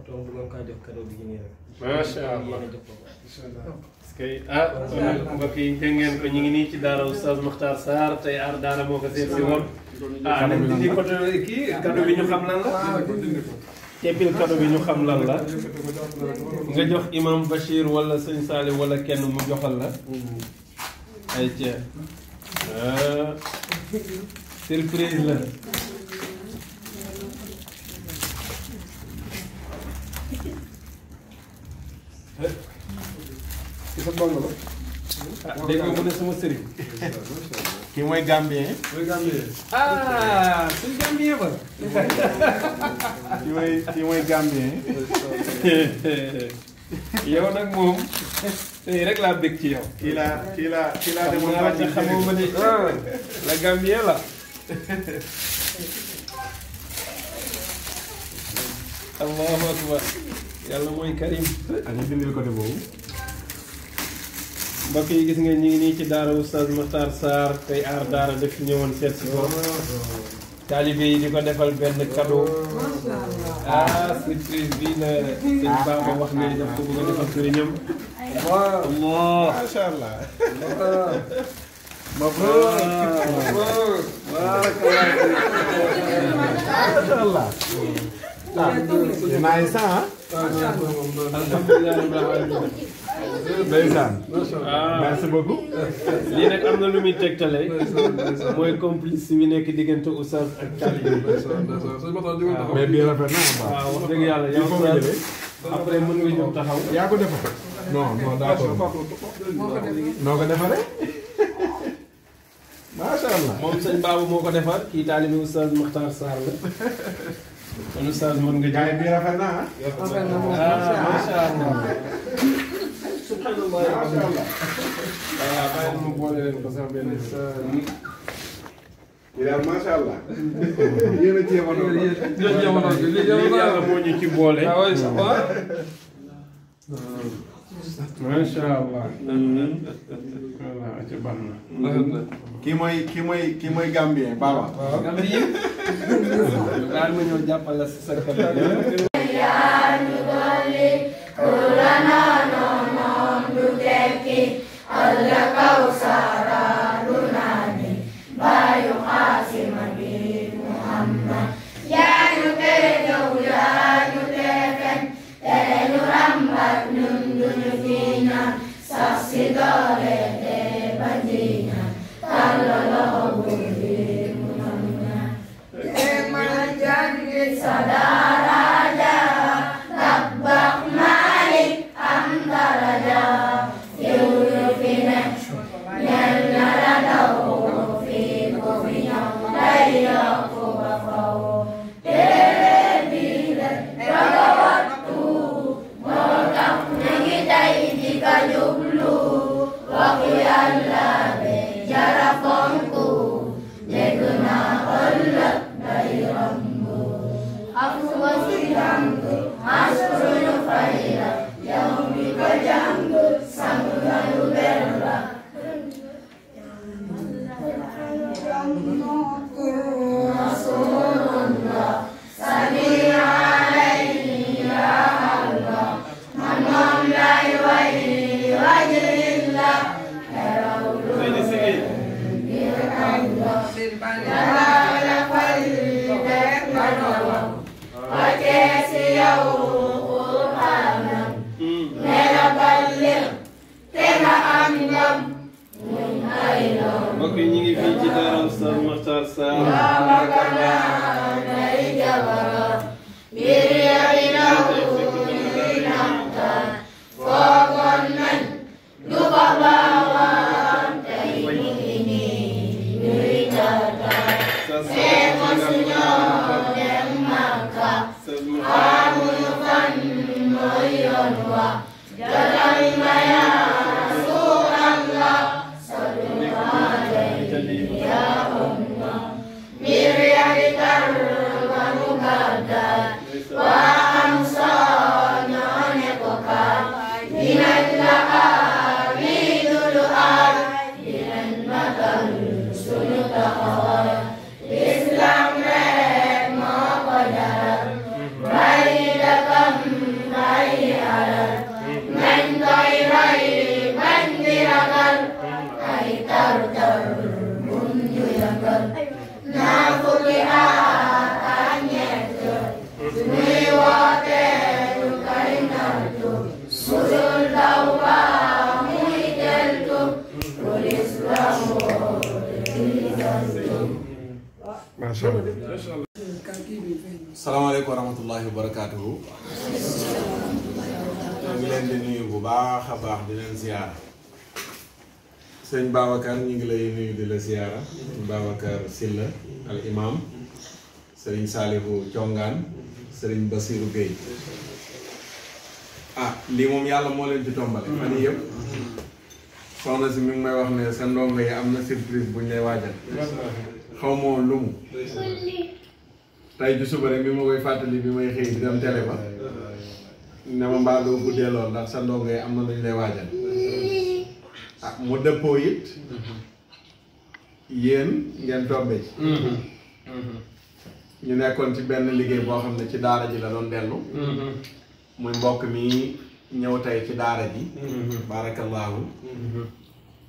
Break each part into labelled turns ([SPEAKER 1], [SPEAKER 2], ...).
[SPEAKER 1] oto bu ngeen koy jox cadeau bi ñu ngi macha allah parce ci daara Oustaz Makhtar Sarr ah, bi ñu xam la. teppil cadeau bi ñu xam lan la. nga jox imam Bachir wala sëñ Salim wala kenn mu joxal la. ay ceeb. Ah, surprise la.
[SPEAKER 2] dégg nga mu ne sama sëriñ. kii mooy Gambien. mooy Gambien.
[SPEAKER 1] ah suñu Gambien ba. mooy kii mooy nag moom tey rek laa bëgg ci yow. kii laa kii laa kii laa demoon laa ci ah, la Gambien la. allahu akbar yàlla mooy Karim. ak ñu bindil côté boobu. mbokk yi gis nga ñu ngi nii ci daara oustaz Makhtar Sarr tey aar daara def ñëwoon seet si ko taalibe yi di ko defal benn cadeau ah surprise bi la sëñ Baba wax ne daf ko bëgg a defal sëriñam macha allah
[SPEAKER 2] مبروك مبروك بارك الله فيك ما شاء الله ما يسعى
[SPEAKER 1] الحمد لله رب العالمين ndeysaan ah. merci beaucoup lii nag am na lu muy tegtale mooy complice bi nekk diggante oustaz ak tali mais bii rafet na waaw ah, wax dëgg yàlla yow oustaz taxaw yaa ko defar moom sëñ Babou moo ko defar kii taalibi oustaz Makhtar Sarr la kon oustaz nga jaay bii rafet ah. allah macha allah. voilà bàyyi ma
[SPEAKER 2] boole leen ko sax benn sa nit. yi daal macha allah. yéen a jéemaloon yéen a jéemaloon lii yàlla moo ñu ci boole. macha allah. voilà ci baax na. kii mooy kii mooy kii mooy Gambien Baba. Gambien. daal ma ñëw jàppale si sa
[SPEAKER 1] kidaran sarmatarsa. Allah'a emanet olun. Bir yayın.
[SPEAKER 2] wa macha allah. salaamaaleykum wa rahmatullahi leen di nuyu bu baax a baax di leen ziyaara. sëñ Babacar ñu ngi lay nuyu di la ziyaara. Babacar Silla al imam. sëriñ Saalihu Congaan. sëriñ Basiru Gueye. ah lii moom yàlla moo leen ci tombale. fan yii yëpp. soxna si mi ngi may wax ne sa ndongo yi am na surprise buñ lay waajal. xaw ma woon lumu. tey ju suba rek bi ma koy fàttali bi may xëy di dem télé ba. ne ma mbaa doo guddee lool ndax sa ndongo yi am na luñ lay waajal. ah mu dëppoo it. yéen ngeen tombé ci. ñu nekkoon ci benn liggéey boo xam ne ci daara ji la doon dellu. Mm-hmm. muy mbokk mi. ñëw tey ci daara ji mm-hmm. baarakallaahu mm-hmm.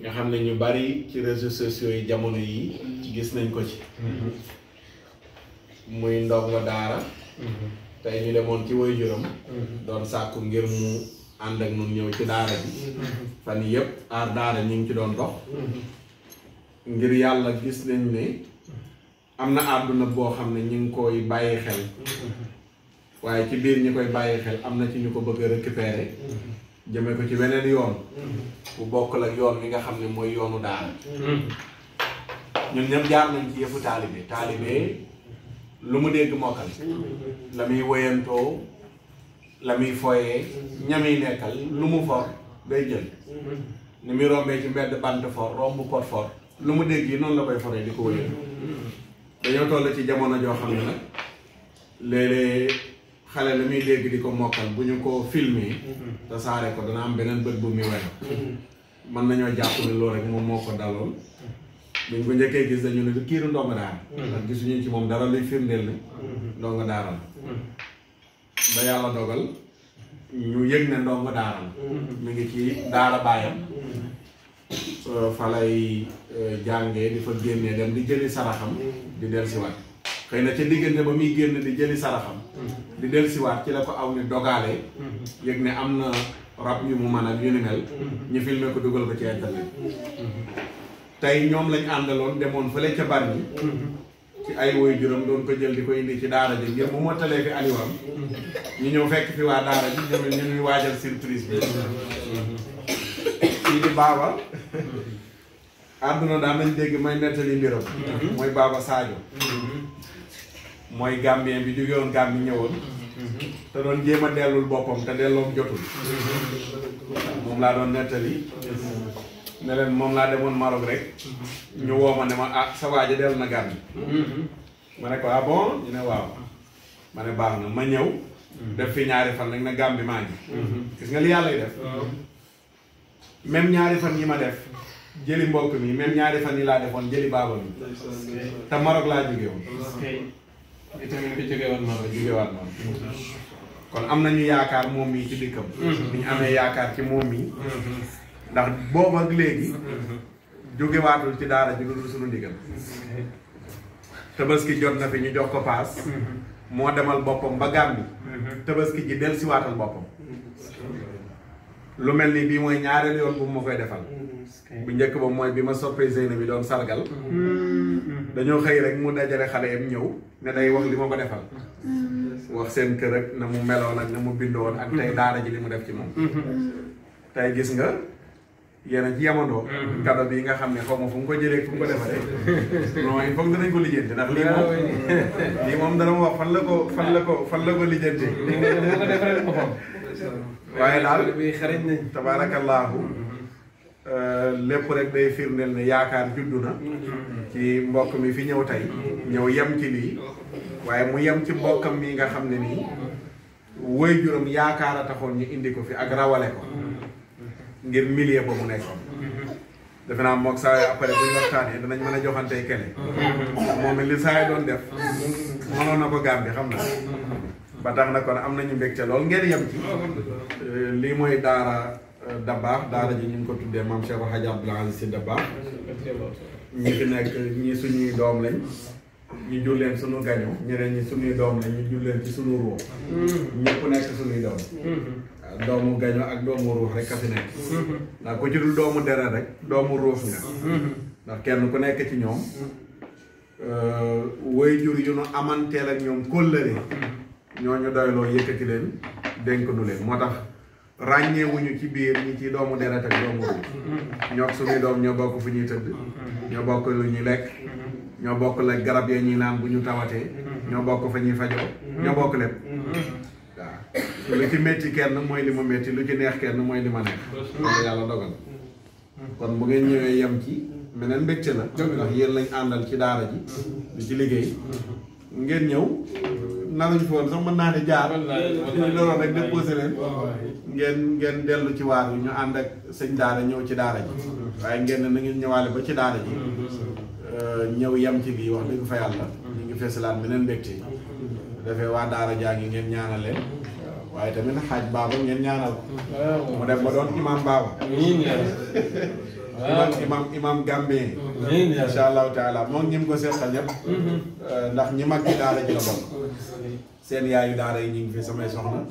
[SPEAKER 2] nga xam ne ñu bari ci réseaux sociaux yi jamono yi ci gis nañ ko ci mm-hmm. muy ndongo daara tey ñu demoon ci waajuram doon sàkku ngir mu ànd ak nun ñëw ci daara ji fan yëpp aar daara ñu ngi ci doon dox ngir yàlla gis nañ ni am na àdduna boo xam ne ñu ngi koy bàyyi xel waaye ci biir ñi koy bàyyi xel am na ci ñu ko bëgg a récupérer mm-hmm. jëme ko ci weneen yoon mm-hmm. bu bokk la yoon mi nga xam ne mooy yoonu daara mm-hmm. ñun ñëpp jaar nañ ci yëfu taalibe taalibe lu mu dégg mokkal la muy woyantoo la muy foyee ñamiy nekkal lu mu for day jël ni muy rombee ci mbedd bant for romb pot for lu mu dégg yi noonu la koy foree di ko wëyantoo dañoo toll ci jamono joo xam ne nag léeg-léeg xale la muy dégg di ko mokkal bu ñu ko filmé mhm. te saare ko dana am beneen bët bu muy wen mhm. mën nañoo jàpp ne loolu rek moom moo ko daloon mhm. buñ ko njëkkee gis dañu ne kiiru ndongo gisuñu ci moom dara luy firndeel ne ndongo daara la ba dogal ñu yëg ne ndongo daara mu ngi ci daara baayam euh, fa lay euh, jàngee di fa génnee dem di jëli saraxam di dellusiwaat xëy na ca diggante ba muy génn di jëli saraxam mm-hmm. di dellusiwaat ci la ko aw ñu dogaale mm-hmm. yëg ne am na rab ñu mu mën ak yu ni mel mm-hmm. ñu filmé ko dugal ko ci internet tey ñoom lañ àndaloon demoon fële ca bari ci ay woy juróom doon ko jël di ko indi ci daara ji ngir bu mottalee fi aliwam ñu ñëw fekk fi waa daara ji ñoom ñu ñuy waajal surprise bi kii di baaba àdduna daan nañ dégg may nettali mbiram mooy baaba Sadio mooy gambien bi jóge woon Gàmbi ñëwoon te doon jéem a dellul boppam te delloom jotul moom laa doon nettali ne leen moom laa demoon Maroc rek ñu woo ma ne ma ah sa waa ji dellu na Gàmbi ma ko ah bon ne baax na ma ñëw def fi ñaari fan rek na Gàmbi maa ngi nga li yàlla def même ñaari fan yi ma def jëli mbokk mi même ñaari fan yi laa defoon jëli baaba mi te Maroc laa jóge jógewaat maam kon am nañu yaakaar moom mii ci dëkkam mhm. bi ñu amee yaakaar ci moom mii mhm. ndax booba ak léegi mhm. jógewaatul ci daara ji lu dul suñu ndigal tabaski jot na fi ñu jox ko paas moo demal boppam ba Gàmbi tabaski ji del siwaatal boppam lu mel ni bii mooy ñaareelu yoon bu ma koy defal bu njëkk ba mooy bi ma surprise na bi doon sargal dañoo xëy rek mu dajale xale yam ñëw ne day wax li ma ko defal
[SPEAKER 1] mm-hmm.
[SPEAKER 2] wax seen kër ak na mu meloon ak na mu bindoon ak tey daara ji li mu def ci moom mm-hmm. tey gis nga yéen a ci yamandoo mm-hmm. kado bi nga xam ne xaw ma fu mu ko jëlee fu mu ko defaree non il faut danañ ko lijjanti ndax lii moom lii moom dana ma wax fan la ko fan la ko fan la ko lijjanti waaye daal tabaarakallaahu Euh, lépp rek day firndeel ne yaakaar juddu na ci mbokk mi fi ñëw tey ñëw yem ci lii waaye mu yem ci mbokkam mi nga xam ne nii woy juróom yaakaar a taxoon ñu indi ko fi ak rawale ko ngir milieu ba mu nekkoon defe naa moog saa yoo après buñ waxtaanee danañ mën a joxante kene moom it li saa doon def mënoon na ko gàm bi xam na ba tax na nañu mbégte lool ngeen euh, mooy daara Dabaax daara ji ñu ngi ko tuddee maam Cheikh Hadj Abdoul Aziz Sy Dabaax ñi fi nekk ñi suñuy doom lañ ñu jur leen suñu gaño ñeneen ñi suñuy doom lañ ñu jur leen ci suñu ruux ku nekk suñuy doom doomu gaño ak doomu ruux rek a fi nekk ndax ku ci dul doomu dere rek doomu ruux nga ndax kenn ku nekk ci ñoom euh, way jur yu nu amanteel ak ñoom kóllëre ñoo ñu doyloo yëkkati leen dénk nu leen moo tax ràññeewuñu ci biir ñi ci doomu deret ak doomu ruuf ñoo suñuy doom ñoo bokk fu ñuy tëdd ñoo bokk lu ñuy lekk ñoo bokk la garab ya ñuy naan bu ñu tawatee ñoo bokk fa ñuy fajoo ñoo bokk lépp waaw lu ci métti kenn mooy li ma métti lu ci neex kenn mooy li ma neex loolu yàlla dogal kon bu ngeen ñëwee yem ci meneen mbégte la ndax yéen lañ àndal ci daara ji di ci liggéey ngeen ñëw. nana ñu fi mën naa ne jaar. wallaay loroon rek déposé leen. ngeen ngeen dellu ci waar yi ñu ànd ak sëñ daara ñëw ci daara ji. waaye ngeen ne na ñëwaale ba ci daara ji. Euh, ñëw yem ci bii wax dëgg fa yàlla. ñu ngi feesalaat beneen mbégte. bu defee waa daara jaa ngi ngeen ñaanal waaye tamit xaaj baaba ngeen ñaanal mu dem ba doon imaam baaba. imam imam imam Gambe insha allahu taala moom ñim ko seqal ñëpp mm-hmm. euh, ndax ñi mag ci daara ji la bokk seen yaayu daara yi ñu ngi fi samay soxna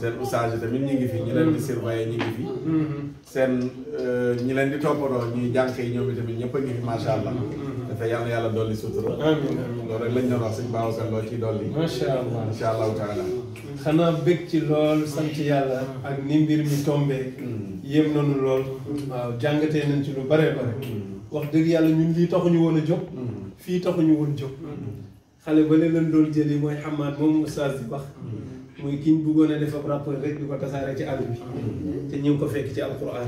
[SPEAKER 2] seen oustaz tamit ñu ngi fi ñi leen di mm-hmm. surveiller ñu ngi fi mm-hmm. seen euh, ñi leen di toppatoo ñuy jànq yi ñoom itamit ñëpp a ngi fi macha allah dafa yàlla yàlla dolli sutura loolu rek lañ doon wax suñ baaw kan lool ci dolli macha allah insha allahu taala xanaa bég ci lool sant
[SPEAKER 1] yàlla ak ni mbir mi tombee mm. yéem nañu lool. waaw jàngatee nañ ci lu bare bare. wax dëgg yàlla ñun lii taxuñu woon a jóg. fii taxuñu woon jóg. xale ba leen lañ doon jëli mooy xamaat moom oustaz bi wax. mooy ki ñu bëggoon a def ab rek di ko tasaare ci àll bi. te ñu ko fekk ci alquran.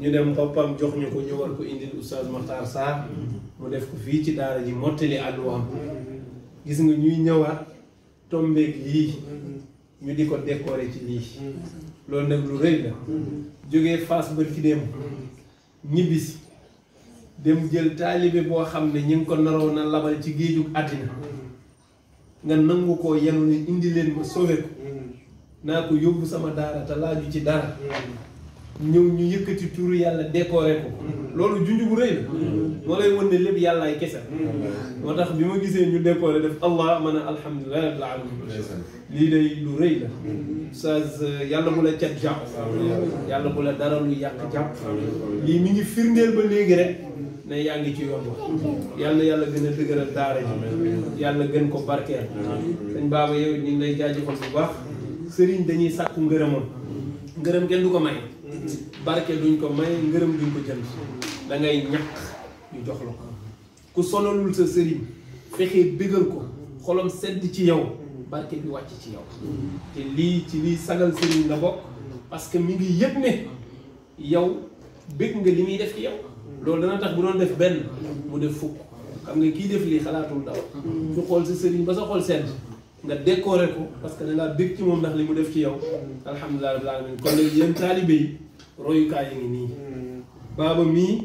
[SPEAKER 1] ñu dem boppam jox ñu ko ñu war ko indil oustaz Makhtar Sarr. mu def ko fii ci daara ji mottali àlluwaam. gis nga ñuy ñëwaat tombeeg lii. ñu di ko décorer ci lii mm. loo nag lu rëy la mm. jógee Fass ba ci dem mm. ñibbisi dem jël taalibe boo xam ne ñu ngi ko naroon na labal ci géejug àddina nga nangu koo yenu ne indi leen ma sauvé ko naa ko yóbbu sama daara te ci dara ñëw ñu yëkkati turu yàlla décoré ko mm-hmm. loolu junj bu rëy la mm-hmm. moo lay wan ne lépp yàllaay kese mm-hmm. moo tax bi ma gisee ñu décoré def allah man a alhamdulilah lii day lu rëy la sag euh, yàlla bu la cat jàpp yàlla bu la dara lu yàq jàpp lii mi ngi firndeel ba léegi rek ne yaa ngi ci yomb yàlla na yàlla gën a dëgëral daara ji yàlla gën ko barkeel sëñ baaba yow ñu ngi lay jaajëfal bu baax sëriñ dañuy sàkku ngërëmam ngërëm kenn du ko may barke duñ ko may ngërëm duñ ko jënd da ngay ñàkk ñu jox la ko ku sonalul sa sëriñ fexe béggal ko xolom sedd ci yow barke bi wàcc ci yow te lii ci liy sagal sëriñ la bokk parce que mi ngi yëpp ne yow bëgg nga li muy def ci yow loolu dana tax bu doon def benn mu def fukk xam nga kii def lii xalaatul daw ñu xool sa sëriñ ba sa xol sedd nga décorer ko parce que dangaa bëgg ci moom ndax li mu def ci yow alhamdulilah rabbil alamin kon nag yéen taalibe yi royukaay yi ngi nii mm. baaba mii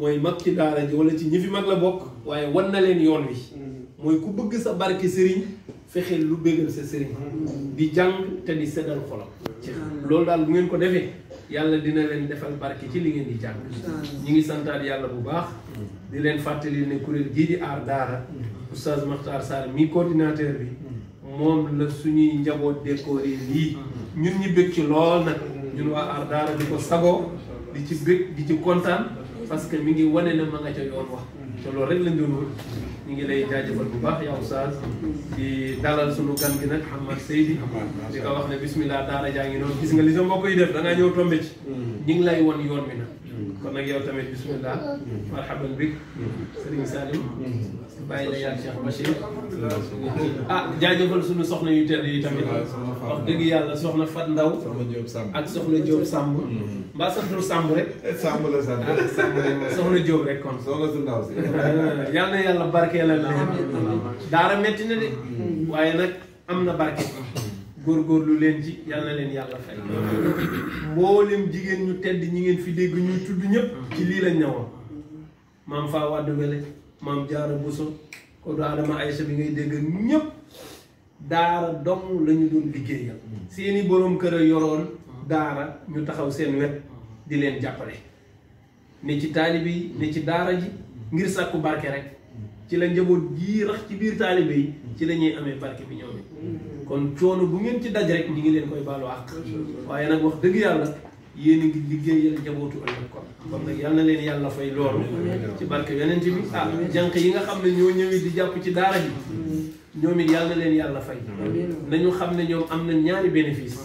[SPEAKER 1] mooy mag ci daara ji wala ci ñi fi mag la bokk waaye wan na leen yoon wi mm. mooy ku bëgg sa barki sëriñ fexee lu bëggal sa sëriñ mm. di jàng te di seddal xolam loolu daal bu ngeen ko defee yàlla dina leen defal barke ci li ngeen di jàng ñi ngi santaat yàlla bu baax di leen fàttali ne kuréel gii di aar daara oustaz Makhtar Sarr mi coordinateur bi moom la suñuy njaboot décoré lii ñun ñi bëgg ci lool nag ñun waa aar daara di ko sagoo di ci bég di ci kontaan parce que mi ngi wane ne ma nga ca yoon wax te loolu rek lañ doon wër ngi lay jaajëfal bu baax yow Oustaz di dalal sunu gan gi nag Hamad Seydi di ko wax ne bismillah daara jaa ngi noonu gis nga li sa mbokk yi def da ngaa ñëw tombe ci mm. ñu ngi lay won yoon bi nag kon nag yow tamit bismillah mm-hmm. Mm-hmm. marhaban bik Serigne Salim bàyyi la yàlla Cheikh Bachir ah jaajëfal suñu soxna yu tedd yi tamit wax dëgg yàlla soxna Fat Ndaw ak soxna Diop Samb mm-hmm. mbaa sa tur Samb rek eh, Samb la ah, Samb soxna Diop rek kon soxna su ndaw si ah, yàlla na yàlla barkee la daara metti na de waaye am na barke góor góorgóorlu leen ci yàlla leen yàlla fay mboolem jigéen ñu tedd ñi ngeen fi dégg ñuy tudd ñëpp ci lii la ñëwoon maam faa wàdd wele maam jaara buso ko du adama aysa bi ngay dégg ñépp daara dong la doon liggéeyal seeni boroom kër a yoroon daara ñu taxaw seen wet di leen jàppale ne ci taalibe yi ne ci daara ji ngir sàkku barke rek ci la njaboot jii rax ci biir taalibe yi ci la amee barke bi ñoom kon coono bu ngeen ci daj rek ñu ngi leen koy baalu àq waaye nag wax dëgg yàlla yéen a ngi liggéeyal njabootu ëllëg kon kon nag yal na leen yàlla fay loolu ci barke yeneen bi ah jànq yi nga xam ne ñoo ñëwee di jàpp ci daara bi ñoom it yal na leen yàlla fay nañu xam ne ñoom am na ñaari bénéfice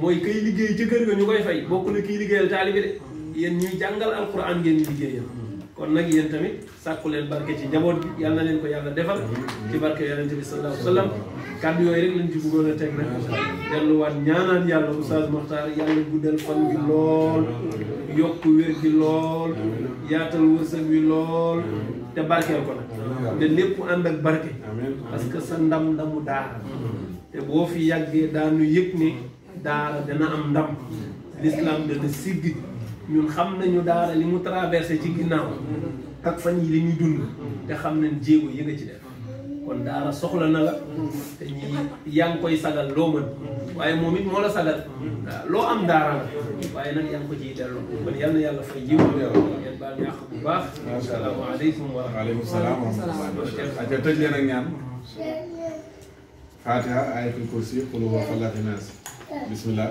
[SPEAKER 1] mooy kay liggéey ci kër ga ñu koy fay bokk na kiy liggéeyal taalibe de yéen ñuy jàngal alquran ngeen ñu liggéeyal kon nag yéen tamit sàkku leen barke ci njaboot bi yàlla na leen ko yàlla defal ci barke yonente bi sallallahu kàddu yooyu rek lañ ci bëggoon a teg nag delluwaat ñaanaan yàlla oustaz Makhtar yàlla guddal fan bi lool yokk wér gi lool yaatal wërsëg wi lool te barkeel ko nag te lépp ànd ak barke parce que sa ndam ndamu daara te boo fi yàggee daanu yëg ne daara dana am ndam l'islam dana siggi ñun xam nañu daara li mu traversé ci ginnaaw ak fan yi li ñuy dund te xam nañ jéego yi nga ci def kon daara soxla na la te ñi yaa koy sagal loo mën waaye moom it moo la sagal loo am daara la waaye nag yaa ngi ko ciy delloo kon yal na yàlla fay jiw bu
[SPEAKER 2] baax asalaamaaleykum wa rahmatulah aca tëj leen ak ñaan fatiha ayatul kursi qul huwa falaq naas bismillah